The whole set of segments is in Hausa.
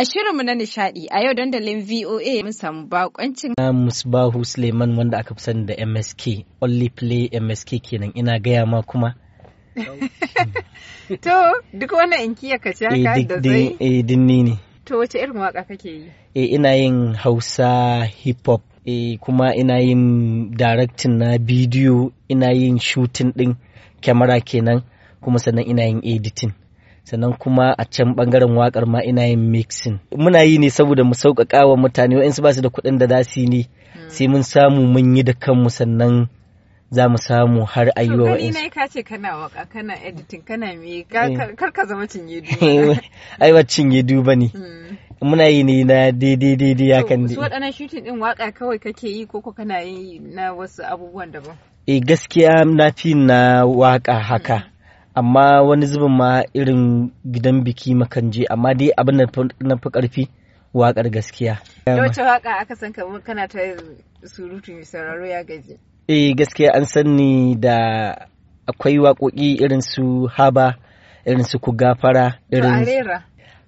A shirinmu na nishadi a yau dandalin VOA mun samu bakoncin. Na Musbahu Suleiman wanda aka fi sani da MSK, Only Play MSK kenan ina gaya ma kuma. to, duk wani in kiya ka haka eh, da zai? Eh, dinni ne. To, wace irin waka kake yi? Eh, ina yin Hausa hip hop. Eh, kuma ina yin directing na bidiyo, ina yin shooting din kyamara kenan, kuma sannan ina yin editing. sannan kuma a can bangaren wakar ma ina yin mixin muna yi ne saboda mu sauƙaƙa wa mutane wa'insu ba su da kuɗin da za su yi ne hmm. sai mun samu mun yi da kanmu sannan za mu samu har a yi wa wa'in su. ka ce kana waka kana editing kana me eh. kar ka zama cinye duba. Ai ba cinye duba ne. Hmm. Muna yi ne na daidai daidai ya kan dai. waɗannan shooting din waka kawai kake yi koko kana yi na wasu abubuwan daban. eh gaskiya na fi na waka haka. Hmm. amma wani zubin ma irin gidan biki makan je amma dai abin na fi karfi waƙar gaskiya. Yawancin waƙa aka san kamar kana ta surutu mai sauraro ya gaji. Eh gaskiya an san ni da akwai waƙoƙi irin su haba irin su ku gafara irin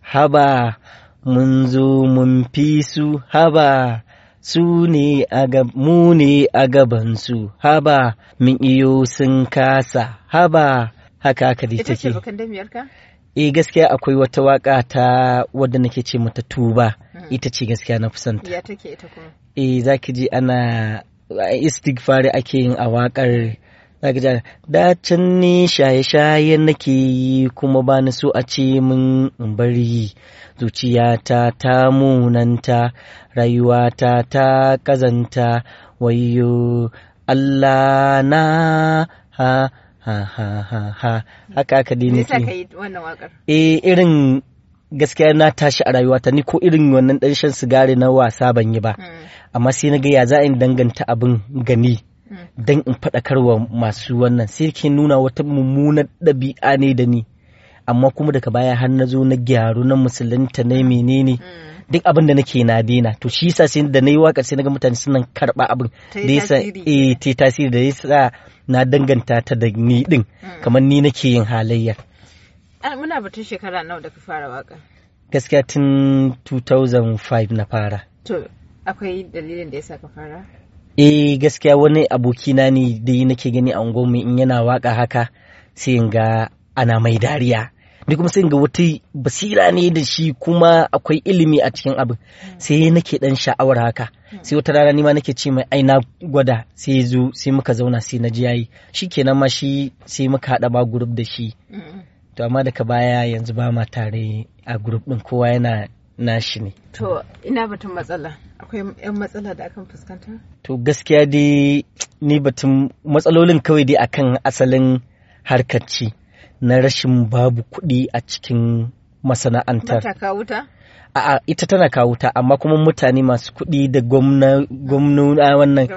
haba mun zo mun fi su haba su ne aga mu ne a gabansu haba min iyo sun kasa haba haka haka dai take eh gaskiya akwai wata waka ta wadda nake ce mata tuba hmm. ita ce gaskiya na fusanta ya take ita eh, zaki ji ana istighfar ake yin a wakar zaki ji da can ni shaye shaye nake yi kuma ba ni so a ce mun in bari zuciyata ta munanta rayuwata ta kazanta wayo Allah na ha ha ha ha ha haka aka dai nake eh irin gaskiya na tashi a rayuwata ni ko irin wannan dan shan sigari na wasa ban yi ba hmm. amma sai na ga ya za in danganta abin gani hmm. dan in faɗakarwa masu wannan sai ke nuna wata mummunar ɗabi'a ne da ni amma kuma daga baya har na zo na gyaru na musulunta na menene mm. duk abin da nake na daina to shi yasa sai da nayi wakar sai naga mutane suna karba abin da yasa eh ta tasiri da yasa na danganta ta da ni din mm. kamar ni nake yin halayyar muna batun shekara nawa da ka fara waka gaskiya tun 2005 na fara to akwai dalilin da yasa ka fara eh gaskiya wani abokina ne da nake gani a unguwarmu in yana waka haka sai in ga ana mai dariya ni kuma sai ga wata basira ne da shi kuma akwai ilimi a cikin abin hmm. sai nake dan sha'awar haka hmm. sai wata rana ni ma nake ce mai aina gwada sai zo sai muka zauna sai na ji yayi shikenan ma shi sai muka haɗa ma group da shi hmm. to amma daga baya yanzu ba ma tare a group din kowa yana nashi ne to ina batun matsala akwai yan matsala da akan fuskanta to gaskiya dai ni batun matsalolin kawai dai akan asalin harkar ci na rashin babu kuɗi a cikin masana'antar. A'a ita tana kawuta amma kuma mutane masu kuɗi da gwamnati wannan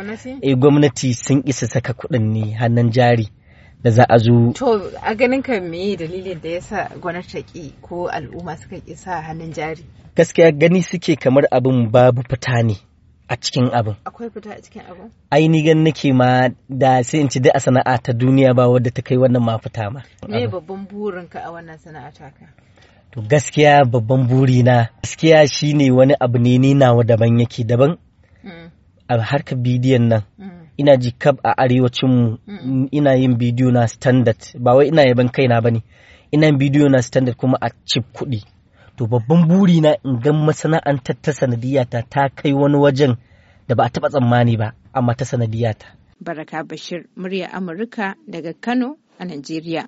eh, gwamnati sun isa saka kuɗin ne hannun jari da za a zo. To a ganin ka me dalilin da ya sa gwamnati ki ko al'umma suka isa hannun jari? Gaskiya gani suke kamar abin babu fita ne. a cikin abin. Akwai fita a cikin abin? gan nake ma da sai in ci duk a sana'a ta duniya ba wadda ta kai wannan ma fita ma. Me babban burinka a wannan sana'a ka? To gaskiya babban burina gaskiya shine wani abu ne ni nawa daban yake daban. Mm. A harkar bidiyon nan. Mm. Ina ji kab a arewacin mu ina yin bidiyo na standard ba wai ina yaban kaina bane. Ina yin bidiyo na standard kuma a cip kuɗi. to babban buri na in ga masana'antar ta sanadiyata ta kai wani wajen da ba a taɓa tsammani ba amma ta sanadiyata. Baraka Bashir, murya Amurka daga Kano a Najeriya.